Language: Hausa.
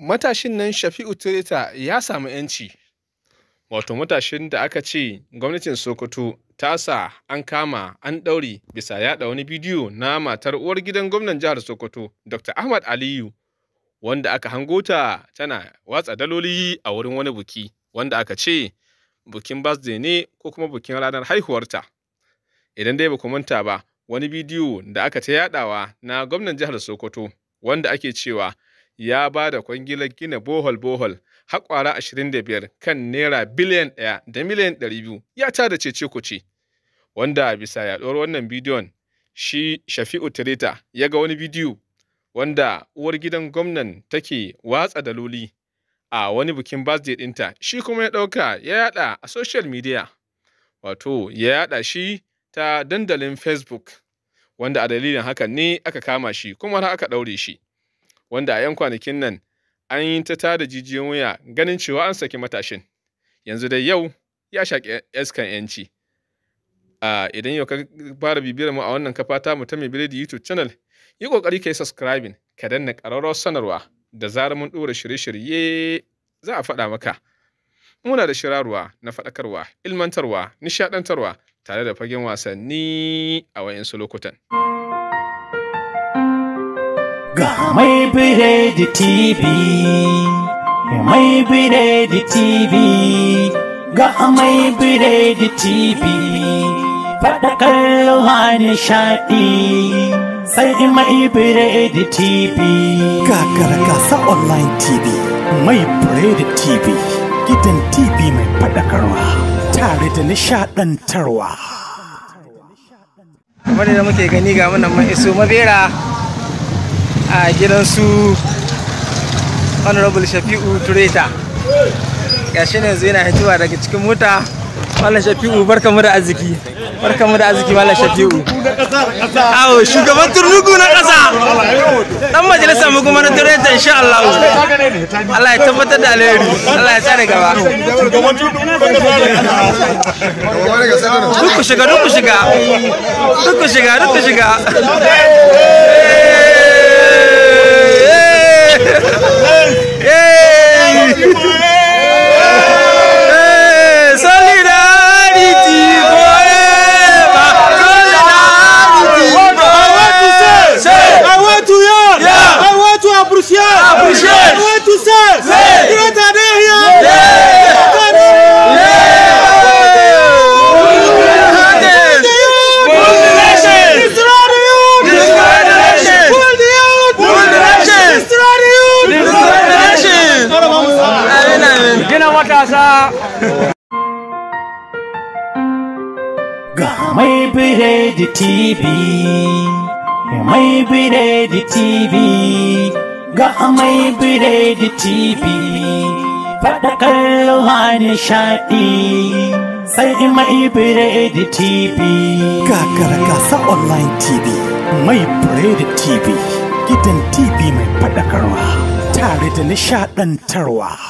matashin nan Shafi'u Tirita ya samu ‘yanci, wato matashin da aka ce gwamnatin Sokoto ta sa an kama an ɗauri bisa yaɗa wani bidiyo na matar uwar gidan gwamnan jihar Sokoto, Dr. Ahmad Aliyu, wanda aka hango ta tana watsa daloli a wurin wani buki, wanda aka ce bukin birthday ne ko kuma bukin ranar haihuwarta. Idan dai baku manta ba, wani bidiyo da aka ta yaɗawa na gwamnan jihar Sokoto, wanda ake cewa ya ba da kwangilar gina bohol-bohol har kwara 25 kan naira biliyan ɗaya da miliyan 200 ya tada cece kuce. Wanda bisa yaɗuwar wannan bidiyon shi Shafi'u Tireta ya ga wani bidiyo wanda uwar gidan gwamnan take watsa daloli a wani bikin birthday Dinta, shi kuma ya ɗauka ya yada a social media wato ya yada shi ta dandalin Facebook wanda a dalilin hakan ne aka kama shi kuma har aka ɗaure shi. wanda a 'yan kwanakin nan an yi ta tada jijiyoyin wuya ganin cewa an saki matashin yanzu dai yau ya shaƙi e, iskan yanci idan yau ka fara bibiyar mu a wannan kafa ta mu ta mai biredi youtube channel yi ƙoƙari ka yi subscribing ka danna ƙararrawar sanarwa da zarar mun ɗora shirye-shirye za a faɗa maka muna da shirarwa na faɗakarwa ilmantarwa nishaɗantarwa tare da fagen wasanni a wayansu lokutan. ga mai biredi tv mai biredi tv ga mai biredi tv faɗa kalluwa nishaɗi sai mai biredi tv kakar gasa online tv mai biredi tv gidan tv mai fadakarwa, tare da nishaɗantarwa kamar da muke gani ga munan mai mabera a gidan su honorable shafi'u tureta gashi ne yanzu yana hituwa daga cikin mota malam shafi'u barka mu da arziki barka mu da arziki malam shafi'u awo shugaban turnuku na kasa dan majalisa mu kuma na tureta insha Allah Allah ya tabbatar da alheri Allah ya tsare gaba duk ku shiga duk ku shiga duk ku shiga duk ku shiga apprecier. Apprecier. Loin tout seul. Loin matasa. ga mai biredi tv mai tv ga amai biredi TV faɗakar ruwa nishaɗi sai mai biredi TV. Kakar gasa online TV mai biredi TV gidan TV mai faɗakarwa tare da nishaɗantarwa.